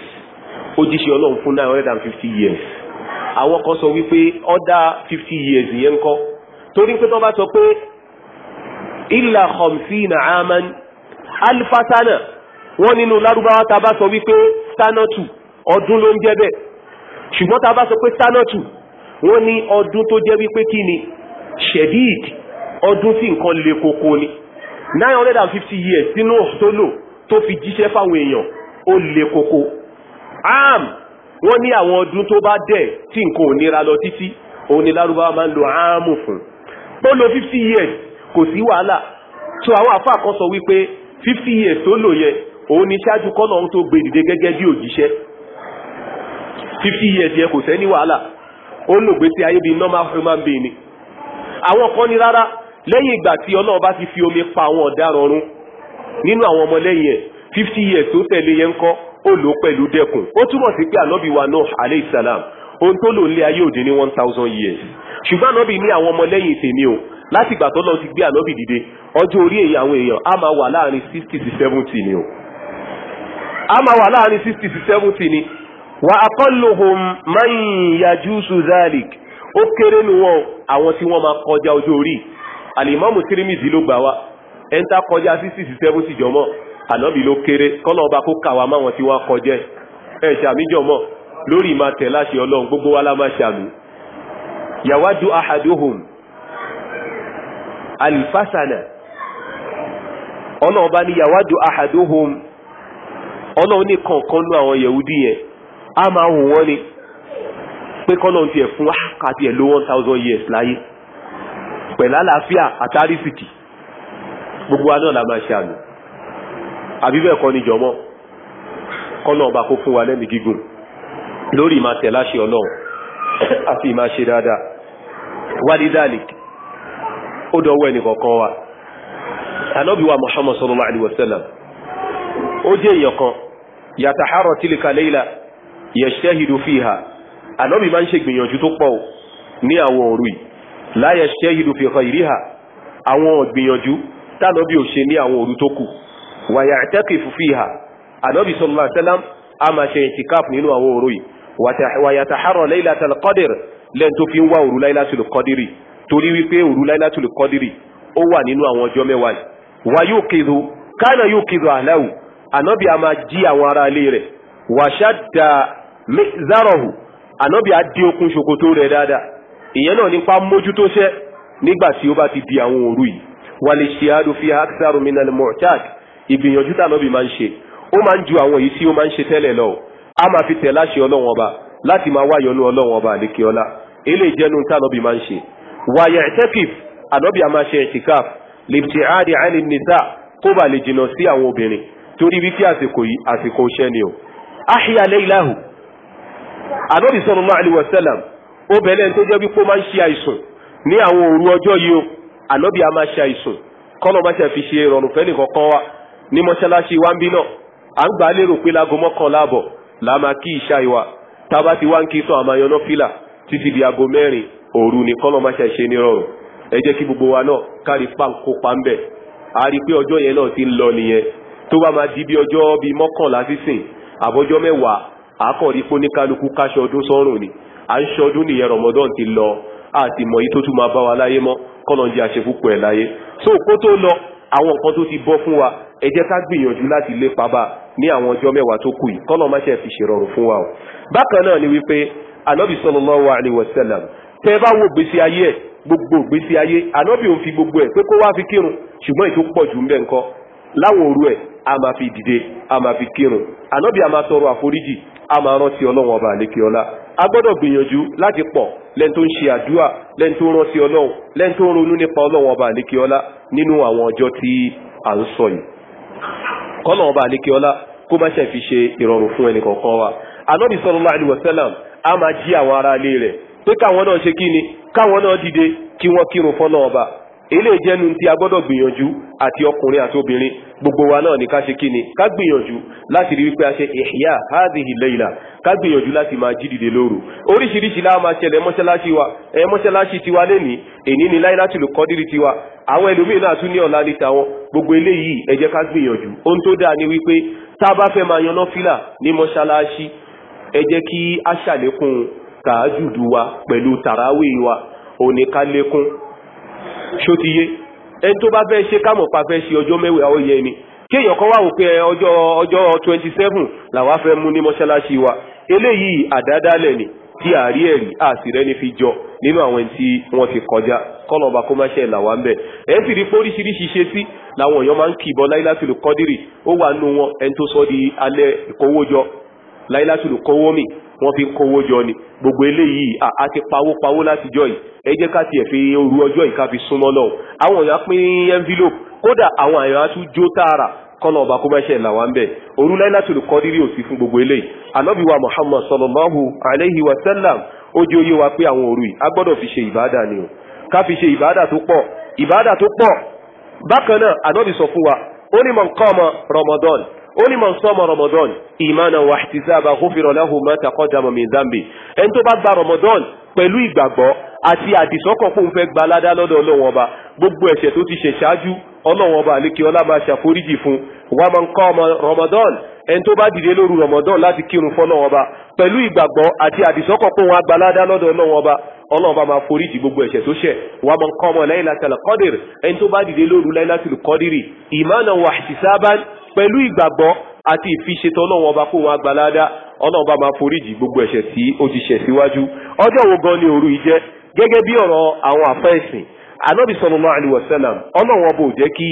ó jíṣẹ́ ọlọ́run fún nine hundred and fifty years àwọn kan sọ wípé ọ̀dà fifty years yẹn ń kọ́ torí pé tó bá sọ pé illa khamsina aman alifasana wọ́n nínú lárúbáwá tá a bá sọ wípé sanatu ọdún ló ń jẹ́ bẹ́ẹ̀ ṣùgbọ́n tá a bá sọ pé sanatu wọ́n ní ọdún tó jẹ́ wípé kí ni shedid ọdún tí nǹkan le koko ni nine hundred and fifty years sínú sólò tó fi jíṣẹ́ fáwọn èèyàn ó le koko am wọ́n ní àwọn ọdún tó bá dẹ̀ tí nǹkan ò nira lọ títí òun ni lárúbáwá máa ń lo ààmù fún tó lo fifty years kò sí wàhálà so àwọn àfáà kan sọ wípé fifty years tó lò yẹ òun ni ṣáájú kọ́nà òun tó gbé dìde gẹ́gẹ́ bí òjíṣẹ́ fifty years yẹ kò sẹ́ni wàhálà ó lò gbé sí ayé bíi normal human being ni àwọn kan ní rárá lẹ́yìn ìgbà tí ọlọ́run bá ti fi omi pa àwọn ọ̀daràn ọ̀run nínú àwọn ọmọlẹ́yìn ẹ̀ fifty years tó tẹ̀lé yẹn ń kọ́ ó lò ó pẹ̀lú dẹ́kun ó túmọ̀ sí pé ànábì wa náà aleyhisalaam ohun tó lò ń lé ayé òde ní one thousand years ṣùgbọ́n ànábì ní àwọn ọmọlẹ́yìn tèmi o láti ìgbà tọ́lọ́ ti gbé ànábì dìde ọjọ́ orí èyí àwọn èèyàn á máa wà láàrin sixty to seventy ni o á máa wà láàrin sixty to seventy ni wà á kọ́ lóhùn man yajusu zalik ó kéré nu wọn àwọn tí wọ́n máa kọjá ọjọ́ orí alimami tirimizi ló gbà wá ẹ̀ńtà kọjá sixty to seventy jọmọ́ ànábì ló kéré kọ́lọ́ ọba kó kà wá máwọn tí wọ́n kọjá ẹ̀ ṣàmíjọmọ́ lórí ìmàtẹ̀ láṣẹ ọlọ́run gbogbo wa lá máa ṣàmì yàwá du ahaduhum alifasana ọlọ́run bá yàwádùn ahaduhum ọlọ́run ní kọ̀ọ̀kan àwọn yẹ̀wúdí yẹn a ma wò wọ́n ni pé ti tiẹ̀ fún àkàtì ẹ̀ ló one years láyé pẹ̀lú àlàáfíà àtàrísìkì gbogbo wa náà la máa ṣe àmì àbí ni jọmọ́ kọ́lọ́run ọba kó fún wa gígùn lórí ìmàtẹ̀ láṣẹ ọlọ́run àti ìmàṣe dáadáa ó dọwọ́ ẹnì kọ̀ọ̀kan wa ànábì wa muhammad sallallahu alayhi wa sallam ó jẹ́ èèyàn kan yàtàhárọ̀ tílíkà léyìlá yẹ̀ṣẹ́hìdù fìhà ànábì máa ń ṣe gbìyànjú tó pọ̀ ní àwọn òru yìí láyẹ̀ ṣẹ́hìdù fìhà ìríhà àwọn gbìyànjú tánàbí ò ṣe ní àwọn òru tó kù wàyà àtẹ́kìfù fìhà ànábì sallallahu alayhi torí wípé òru láìlátùlù kọ́dírì ó wà nínú àwọn ọjọ́ mẹ́wàá yìí wà yóò kédo kánà yóò kédo àláwù ànábì a máa jí àwọn ará ilé rẹ̀ wàṣà dà mizarahu ànábì á dé okùn ṣòkòtò rẹ̀ dáadáa ìyẹn náà nípa mójútó ṣẹ́ nígbà tí ó bá ti di àwọn òru yìí wà lè ṣe àdófin aksaru minal mortad ìgbìyànjú tànábì máa ń ṣe ó máa ń ju àwọn èyí tí ó máa ń ṣe tẹ́lẹ̀ lọ a máa fi tẹ̀ láṣẹ ọlọ́wọ́n ọba láti máa wáyọnú ọlọ́wọ́n ọba àlékè ọlá eléyìí jẹ́nu tànábì máa ń ṣe wa ya'takif ànábì a máa ṣe ẹ̀tìkáf libti'adi 'ani nisa kó bá lè jìnnà sí àwọn obìnrin torí wípé àsìkò yìí àsìkò iṣẹ́ ni o ahya laylahu ànábì sallallahu alaihi wasallam ó bẹ̀lẹ̀ tó jẹ́ wípé ó máa ń ṣe àìsùn ní àwọn òru ọjọ́ yìí o ànábì a máa ṣe àìsùn kọ́nà má ṣe fi ṣe ìrọ̀rùn fẹ́ nìkan wa ní òru ni kọ́lọ̀ má ṣe ṣe ní rọrùn ẹ jẹ́ kí gbogbo wa náà kárí pàǹkó pa ń bẹ̀ a rí pé ọjọ́ yẹn náà ti ń lọ nìyẹn tó bá máa di bí ọjọ́ bíi mọ́kànlá sísìn àbọ̀jọ́ mẹ́wàá àkànrí póníkálukú káṣọ ọdún sọ́rùn ni à ń ṣọdún nìyẹn Ramadan ti lọ àti mọ̀ yìí tó tún máa bá wa láyé mọ́ kọ́lọ́njẹ àṣepúpọ̀ ẹ̀ láyé so kó tó lọ àwọn nǹkan tó ti bọ́ fún wa ẹ jẹ́ ká gbìyànjú láti lépa bá ní àwọn ọjọ́ mẹ́wàá tó kù yìí kọ́lọ́ má ṣe fi ṣèrọ̀rùn fún wa o bákan náà ni wípé anabi sallallahu alaihi wasallam tẹ́ ẹ bá wo gbèsè ayé ẹ̀ gbogbo gbèsè ayé ànábì òun fi gbogbo ẹ̀ pé kó wá fi kírun ṣùgbọ́n ètò pọ̀ jù ń bẹ̀ ńkọ́ láwọn òru ẹ̀ a máa fi dìde a máa fi kírun ànábì a máa tọrọ àforíjì a máa rántí ọlọ́run ọba àlékè ọlá a gbọ́dọ̀ gbìyànjú láti pọ̀ lẹ́ni tó ń ṣe àdúrà lẹ́ni tó ń rántí ọlọ́run lẹ́ni tó ń ronú nípa ọlọ́run ọba àlékè ọlá nínú àwọn ọjọ́ tí à ń sọ yìí kọ́lọ̀ ọba àlékè ọlá kó má ṣe fi ṣe ìrọ̀rùn fún ẹnì kọ̀ọ̀kan wa ànábì sallallahu alaihi a máa jí àwọn ará rẹ̀ pé káwọn náà ṣe kí ni káwọn náà dìde kí wọ́n kírun fọ́nà ọba eléyìí jẹ́nu tí a gbọ́dọ̀ gbìyànjú àti ọkùnrin àti obìnrin gbogbo wa náà ní ká ṣe kí ni ká gbìyànjú láti rí wípé a ṣe ìhìyà hadhihi layla ká gbìyànjú láti máa jí dìde lóru oríṣiríṣi láà máa ṣẹlẹ̀ mọ́ṣáláṣí wa ẹ mọ́ṣáláṣí tiwa lẹ́nìí èní ni láìláṣìlú kọ́dírì tiwa àwọn ẹlòmíín náà tún ní ọ̀la ní tàwọn gbogbo eléyìí ẹ jẹ́ ká gbìyànjú ohun tó dáa ni wípé tá a bá fẹ́ máa yan náfìlà ní mọ́ṣáláṣí ẹ jẹ́ kí a ṣàlékún tààjùdù wa pẹ̀lú tàràwì wa òní ká lékún ṣótiyé ẹni tó bá fẹ́ ṣe kámọ̀ pa fẹ́ ṣe ọjọ́ mẹ́wàá ó yẹ ni kéèyàn kan wá wò pé ọjọ́ ọjọ́ twenty seven làwa fẹ́ mú ní mọ́ṣáláṣí wa eléyìí àdádálẹ̀ ni tí àárí ẹ̀rí àsìrẹ́ ní fi jọ nínú àwọn ẹni tí wọ́n ti kọjá kọ́lọ̀ọ̀bà kó má ṣe ẹ̀ làwa ń bẹ̀ ẹ̀ sì rí pé oríṣiríṣi ṣe sí làwọn èèyàn máa ń kì í bọ́ láìlátùlù kọ́dírì ó wà nù wọn ẹni tó sọ di alẹ́ ìkówójọ láìlátùlù kówómì wọ́n fi ń kówó jọ ni gbogbo eléyìí a ti pawó pawó látijọ́ yìí ẹ jẹ́ ká tiẹ̀ fi òru ọjọ́ yìí ká fi súnmọ́ lọ́wọ́ àwọn èèyàn pín envelope kódà àwọn èèyàn á tún jó tààrà kọ́nà ọba kó bá ṣe là wá ń bẹ̀ òru Lailatul Qadri ò fún gbogbo eléyìí ànábì Muhammad sallallahu alayhi wa sallam ó jẹ́ oyé wa pé àwọn òru yìí a gbọ́dọ̀ fi ṣe ìbáàdà ni o ká fi ṣe ìbáàdà tó pọ̀ ìbáàdà tó pọ̀ wa ó ní Ramadan ó ní man soma Ramadan imanan wa ihtisaba ghufira lahu ma taqaddama min dhanbi ẹni tó bá gba Ramadan pẹ̀lú ìgbàgbọ́ àti àdìsọ́kàn pé òun fẹ́ gba aládá lọ́dọ̀ ọlọ́wọ́n ọba gbogbo ẹ̀ṣẹ̀ tó ti ṣẹ̀ ṣáájú ọlọ́wọ́n ọba àlékè ọlá máa ṣàforíjì fún wa man qama Ramadan ẹni tó bá dìde lóru Ramadan láti kírun fọ́lọ́wọ́n ọba pẹ̀lú ìgbàgbọ́ àti àdìsọ́kàn pé òun agbaládá lọ́dọ̀ ọlọ́wọ́n ọba ọlọ́run bá máa foríjì gbogbo ẹ̀ṣẹ̀ tó ṣẹ̀ wà mọ̀ nǹkan ọmọ Laylatul Qadr ẹni tó bá dìde lóru Laylatul Qadri imanan wa ihtisaban pẹ̀lú ìgbàgbọ́ àti ìfiṣetọ́ ọlọ́run ọba kó wọn agbálada ọlọ́run bá máa foríjì gbogbo ẹ̀ṣẹ̀ tí ó ti ṣẹ̀ síwájú ọjọ́ wo gan ni òru ìjẹ́ gẹ́gẹ́ bí ọ̀rọ̀ àwọn àfẹ́sìn anábì sallallahu alaihi wasallam ọlọ́run ọba ò jẹ́ kí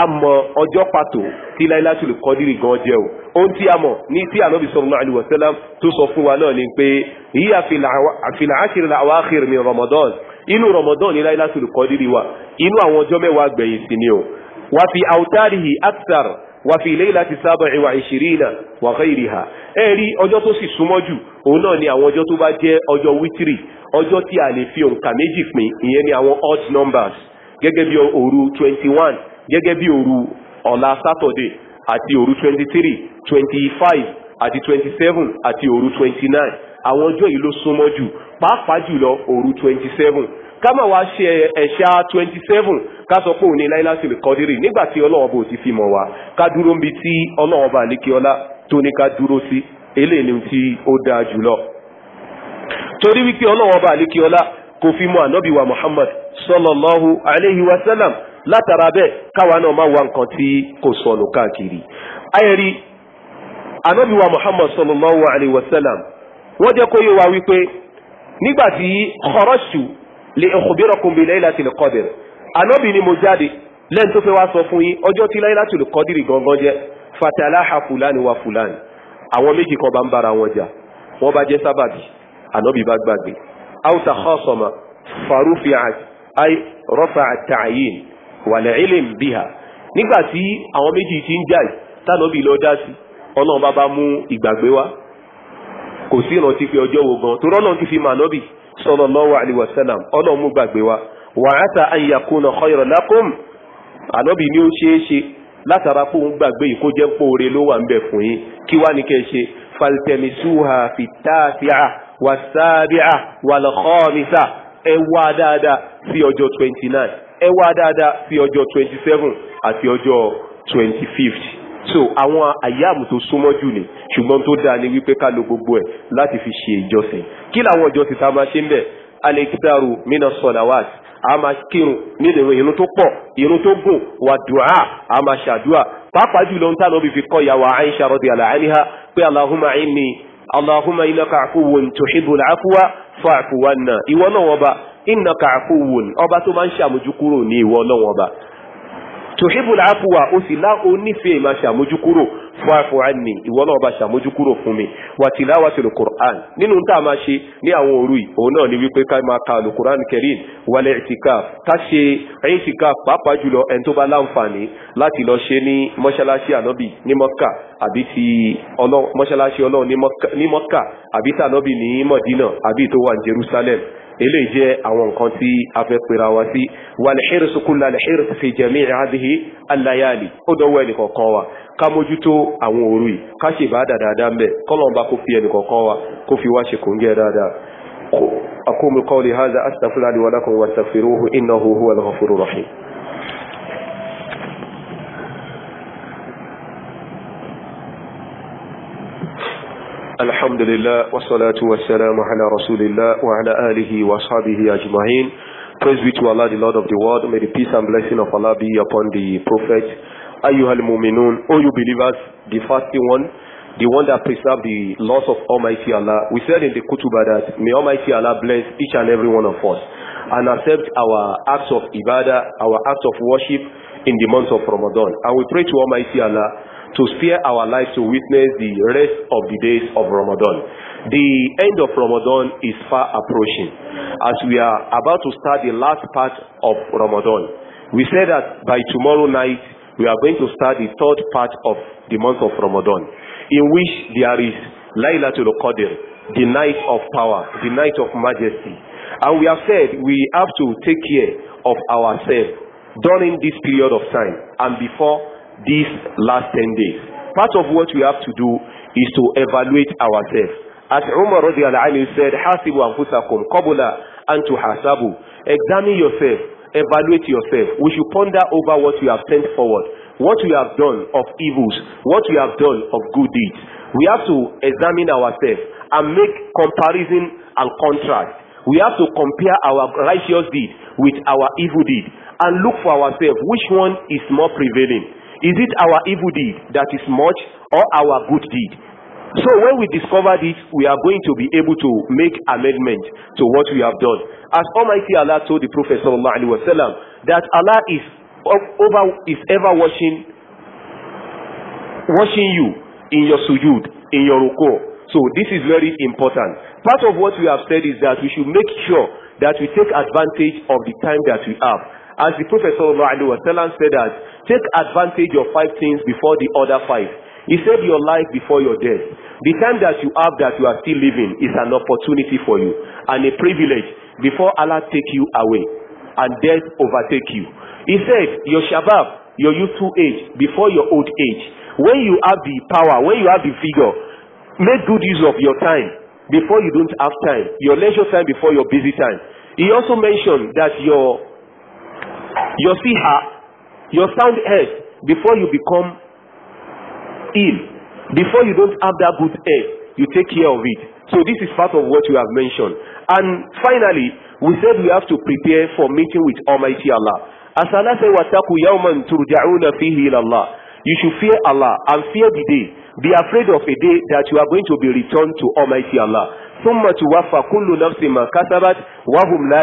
a mọ ọjọ́ pàtó tí láìláṣùlù kọ́dírì gan jẹ́ o ohun tí a mọ̀ ní tí anábì sallallahu alaihi tó sọ fún wa náà ni pé yíya fil Ramadan inú Ramadan ní láìláṣùlù kọ́dírì wa inú àwọn ọjọ́ mẹ́wàá gbẹ̀yìn sí ni o wà fi àwùtárìhì wà fi laylati sab'i wa ishirina wa ghayriha ẹ rí ọjọ́ tó sì súnmọ́ jù òun náà ni àwọn ọjọ́ tó bá jẹ́ ọjọ́ wítìrì ọjọ́ tí a lè fi òǹkà méjì pín ìyẹn ni àwọn odd numbers gẹ́gẹ́ bí òru twenty one gẹ́gẹ́ bí òru ọ̀la Saturday àti òru twenty three twenty five àti twenty seven àti òru twenty nine àwọn ọjọ́ yìí ló súnmọ́ jù pàápàá jùlọ òru twenty seven ka má wá ṣe ẹ̀ṣà twenty seven ká sọ pé òní láíláṣí lè kọ́dírì nígbà tí ọlọ́run bò ti fi mọ̀ wá ká dúró níbi tí ọlọ́run bá lékeọlá tó ní ká dúró sí eléyìí tí ó dáa wa Muhammad sallallahu alayhi wa sallam látara bẹ́ẹ̀ káwa náà má wá nǹkan tí kò sọnù káàkiri. ànábì Muhammad sallallahu alayhi wa sallam wọ́n jẹ́ kó wa wípé nígbà li ukhbirakum bi laylatil qadr ànábì ni mo jáde lẹ́yìn tó fẹ́ wá sọ fún yín ọjọ́ tí laylatul qadr gangan jẹ́ fatalaha fulani wa fulani àwọn méjì kan bá ń bára wọn jà wọ́n bá jẹ́ sábàbí ànábì bá gbàgbé aw takhasama farufi'at ay rafa'at ta'yin wal ilm biha nígbà tí àwọn méjì ti ń jà yìí tànábì lọ dá sí ọlọ́run bá bá mú ìgbàgbé wá kò sí ìrántí pé ọjọ́ wo gan tó rọ́nà ti fi mà nábì sallallahu alaihi wasallam ọlọ́run mú gbàgbé wa wàhátà an yakuna khayran lakum ànábì ni ó ṣeé ṣe látara pé òun gbàgbé yìí kó jẹ́ pòore ló wà ń bẹ̀ fún yín kí wá ní kẹ́ ṣe faltemisuha fitafi'a wasabi'a walkhomisa ẹ wá dáadáa sí ọjọ́ twenty nine ẹ wá dáadáa sí ọjọ́ twenty seven àti ọjọ́ twenty fifth so àwọn àyàmù tó súnmọ́ jù ni ṣùgbọ́n tó dáa ni wípé ká lo gbogbo ẹ̀ láti fi ṣe ìjọsìn kí làwọn ìjọsìn tá a máa ṣe ń bẹ̀ alekitaru mina sọlawat a máa kírun nínú irun tó pọ̀ irun tó gùn wà dùá a máa ṣàdúà pàápàá jùlọ ń tànà òbí fi kọ́ ìyàwó Aisha radiyallahu anha pé Allahumma inni Allahumma innaka afuwun tuhibbul afwa fa'fu anna ìwọ náà wọ́n ba innaka afuwun ọba tó máa ń ṣàmójúkúrò ní ìwọ náà wọ́n ba tuhibul afuwa o sì lá onífẹ̀ẹ́ máa ṣàmójúkúrò fún àfọwọ́n ni ìwọ náà bá ṣàmójúkúrò fún mi wà tí láwà sí alukur'an nínú tá a máa ṣe ní àwọn òru yìí òun náà ni wípé ká máa ka alukur'an karim wàlẹ̀ ìtìkáf ká ṣe ìtìkáf pàápàá jùlọ ẹni tó bá láǹfààní láti lọ ṣe ní mọ́ṣáláṣí ànábì ní mọ́kà àbí ti mọ́ṣáláṣí ọlọ́run ní mọ́kà àbí tànábì ní mọ̀dínà àbí tó wà ní Jerusalem eléyìí jẹ́ àwọn nǹkan tí a fẹ́ pera wa sí walhirsu kulla alhirsi fi jami'i hadhihi allayali ó dọ́wọ́ ẹnì kọ̀ọ̀kan wa ká mójútó àwọn òru yìí ká ṣe bá dáadáa ń bẹ̀ kọ́lọ̀mbá kó fi ẹnì kọ̀ọ̀kan wa kó fi wá ṣe kòǹgẹ́ dáadáa aqulu qawli hadha astaghfirullahi wa lakum wastaghfiruhu innahu huwal ghafurur rahim الحمد لله والصلاة والسلام على رسول الله وعلى آله وصحبه أجمعين Praise be to Allah, the Lord of the world. May the peace and blessing of Allah be upon the Prophet. Ayyuhal muminun, O you believers, the fasting one, the one that preserved the laws of Almighty Allah. We said in the Kutuba that may Almighty Allah bless each and every one of us and accept our acts of ibadah, our acts of worship in the month of Ramadan. And we pray to Almighty Allah to spare our lives to witness the rest of the days of Ramadan. The end of Ramadan is far approaching. As we are about to start the last part of Ramadan, we said that by tomorrow night, we are going to start the third part of the month of Ramadan, in which there is Laylatul Qadr, the night of power, the night of majesty. And we have said we have to take care of ourselves during this period of time and before these last ten days. Part of what we have to do is to evaluate ourselves. As Umar radiallahu anhu said, Hasibu anfusakum qabla an tuhasabu. Examine yourself, evaluate yourself. We should ponder over what we have sent forward, what we have done of evils, what we have done of good deeds. We have to examine ourselves and make comparison and contrast. We have to compare our righteous deed with our evil deed and look for ourselves which one is more prevailing Is it our evil deed that is much or our good deed? So when we discover this, we are going to be able to make amendment to what we have done. As Almighty Allah told the Prophet sallallahu alaihi wasallam that Allah is over is ever watching, watching you in your sujud, in your ruku. So this is very important. Part of what we have said is that we should make sure that we take advantage of the time that we have As the Prophet ﷺ said that, take advantage of five things before the other five. He said your life before your death. The time that you have that you are still living is an opportunity for you and a privilege before Allah take you away and death overtake you. He said your shabab, your youthful age, before your old age. When you have the power, when you have the figure, make good use of your time before you don't have time, your leisure time before your busy time. He also mentioned that your your her, your sound health before you become ill before you don't have that good air, you take care of it so this is part of what you have mentioned and finally we said we have to prepare for meeting with Almighty Allah as Allah said wataku yawman turja'una fihi ila Allah you should fear Allah and fear the day be afraid of a day that you are going to be returned to Almighty Allah thumma tuwaffa kullu nafsin ma kasabat wa hum la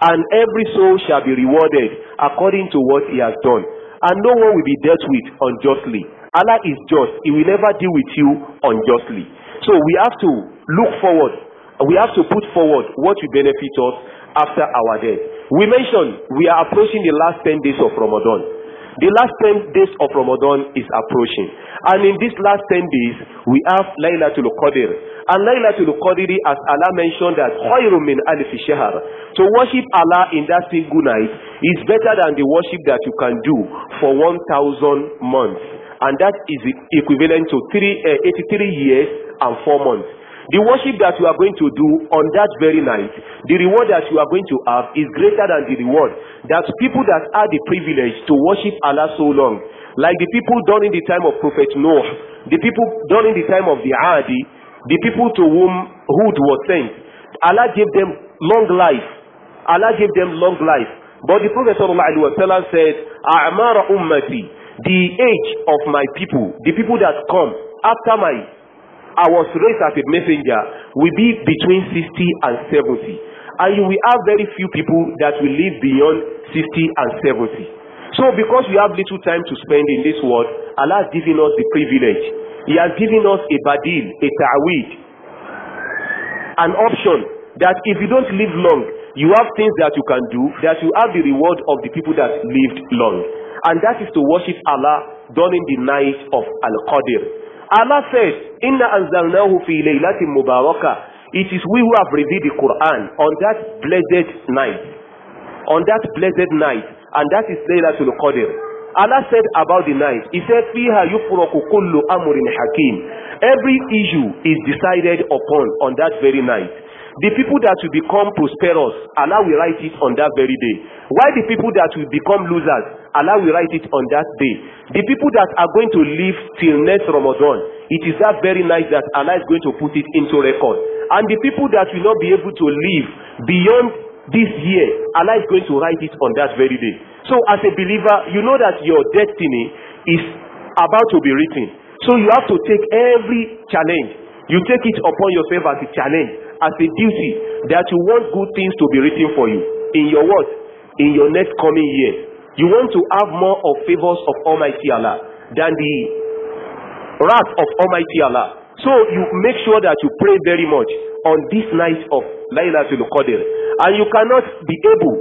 and every soul shall be rewarded according to what he has done and no one will be dealt with unjustly Allah is just he will never deal with you unjustly so we have to look forward we have to put forward what will benefit us after our death we mentioned we are approaching the last ten days of Ramadan The last 10 days of Ramadan is approaching. And in these last 10 days, we have Laylatul Qadr. And Laylatul Qadr, as Allah mentioned, that Khairun min alif shahr. To worship Allah in that single night is better than the worship that you can do for 1,000 months. And that is equivalent to three, uh, eh, 83 years and 4 months. The worship that you are going to do on that very night, the reward that you are going to have is greater than the reward that people that had the privilege to worship Allah so long, like the people during the time of Prophet Noah, the people during the time of the Adi, the people to whom Hud was sent. Allah gave them long life. Allah gave them long life. But the Prophet said, A'mara ummati, the age of my people, the people that come after my I was raised as a messenger will be between 60 and 70, and you will have very few people that will live beyond 60 and 70. So because we have little time to spend in this world, Allah has given us the privilege. He has given us a badil, a ta'weed, an option that if you don't live long, you have things that you can do that you have the reward of the people that lived long. And that is to worship Allah during the night of Al-Qadr. Allah said, Inna anzalnahu fi laylatin mubarakah. It is we who have revealed the Quran on that blessed night. On that blessed night. And that is Laylatul Qadr. Allah said about the night, He said, Fiha yufraku kullu amurin hakim. Every issue is decided upon on that very night. The people that will become prosperous, Allah will write it on that very day. Why the people that will become losers, Allah will write it on that day. The people that are going to live till next Ramadan, it is that very night that Allah is going to put it into record. And the people that will not be able to live beyond this year, Allah is going to write it on that very day. So as a believer, you know that your destiny is about to be written. So you have to take every challenge. You take it upon yourself as a challenge as a duty that you want good things to be written for you in your what? In your next coming year. You want to have more of favors of Almighty Allah than the wrath of Almighty Allah. So you make sure that you pray very much on this night of Laylatul Qadr. And you cannot be able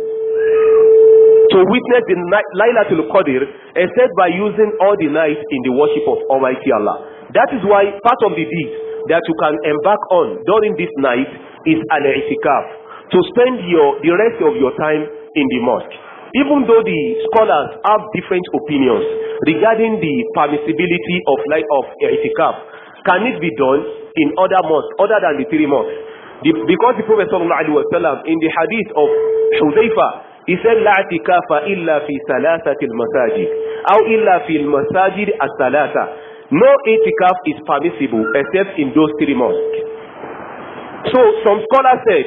to witness the Laylatul Qadr except by using all the night in the worship of Almighty Allah. That is why part of the deeds that you can embark on during this night is an i'tikaf to spend your the rest of your time in the mosque. Even though the scholars have different opinions regarding the permissibility of light of i'tikaf, can it be done in other mosques other than the three mosques? The, because the Prophet sallallahu alaihi wasallam in the hadith of Hudayfa he said la i'tikafa illa fi salasati al-masajid aw illa fi al-masajid al salasa No itikaf is permissible except in those three mosques. So some scholars said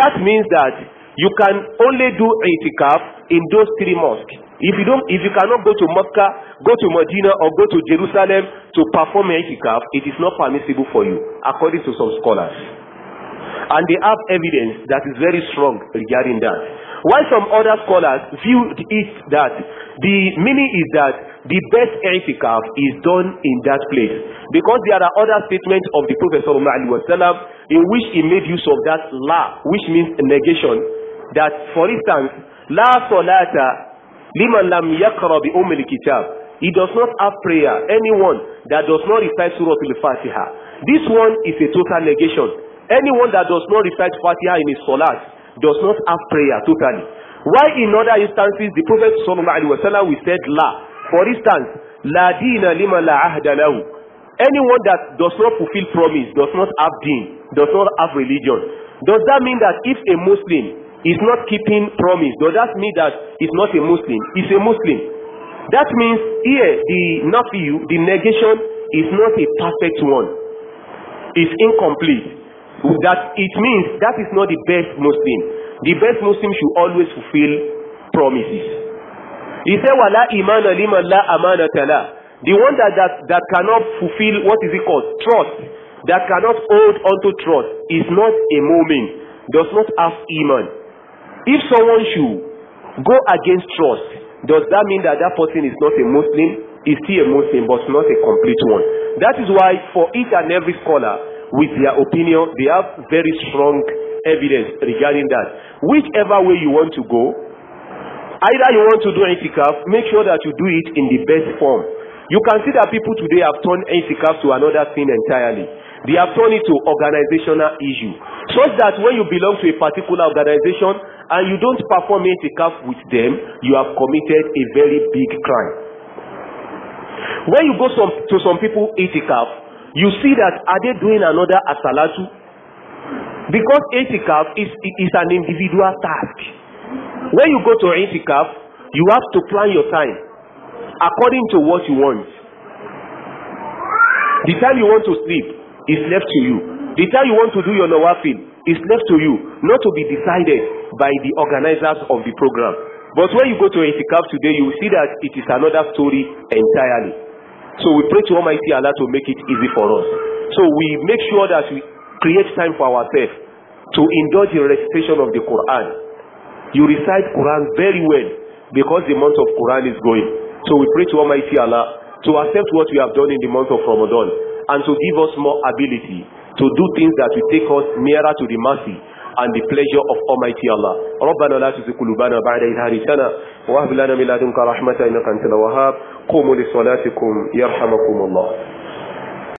that means that you can only do itikaf in those three mosques. If you don't, if you cannot go to Mecca, go to Medina or go to Jerusalem to perform itikaf, it is not permissible for you, according to some scholars. And they have evidence that is very strong regarding that. While some other scholars view it that the meaning is that the best i'tikaf is done in that place because there are other statements of the Prophet sallallahu alaihi wasallam in which he made use of that la which means negation that for instance la salata liman lam yaqra bi umm al he does not have prayer anyone that does not recite surah al-fatiha this one is a total negation anyone that does not recite fatiha in his salat does not have prayer totally why in other instances the prophet sallallahu alaihi wasallam we said la for instance la dina lima la ahda lahu anyone that does not fulfill promise does not have deen does not have religion does that mean that if a Muslim is not keeping promise does that mean that he's not a Muslim he's a Muslim that means here the nafiu the negation is not a perfect one it's incomplete that it means that is not the best Muslim the best Muslim should always fulfill promises He said, Wala imana liman la amana tala. The one that, that, that cannot fulfill, what is it called? Trust. That cannot hold onto trust is not a mu'min, does not have iman. If someone should go against trust, does that mean that that person is not a Muslim? Is still a Muslim, but not a complete one. That is why for each and every scholar, with their opinion, they have very strong evidence regarding that. Whichever way you want to go, Either you want to do itikaf, make sure that you do it in the best form. You can see that people today have turned itikaf to another thing entirely. They have turned it to organizational issue. Such that when you belong to a particular organization and you don't perform itikaf with them, you have committed a very big crime. When you go some, to some people itikaf, you see that are they doing another asalatu? Because itikaf is, is an individual task. When you go to itikaf, you have to plan your time according to what you want. The time you want to sleep is left to you. The time you want to do your nawafil is left to you, not to be decided by the organizers of the program. But when you go to itikaf today, you will see that it is another story entirely. So we pray to Almighty Allah to make it easy for us. So we make sure that we create time for ourselves to indulge in recitation of the Quran You recite Quran very well because the month of Quran is going. So we pray to Almighty Allah to accept what we have done in the month of Ramadan and to give us more ability to do things that will take us nearer to the mercy and the pleasure of Almighty Allah. ربنا لا تزغ قلوبنا بعد إذ هديتنا وهب لنا من لدنك رحمة إنك أنت الوهاب قوموا لصلاتكم يرحمكم الله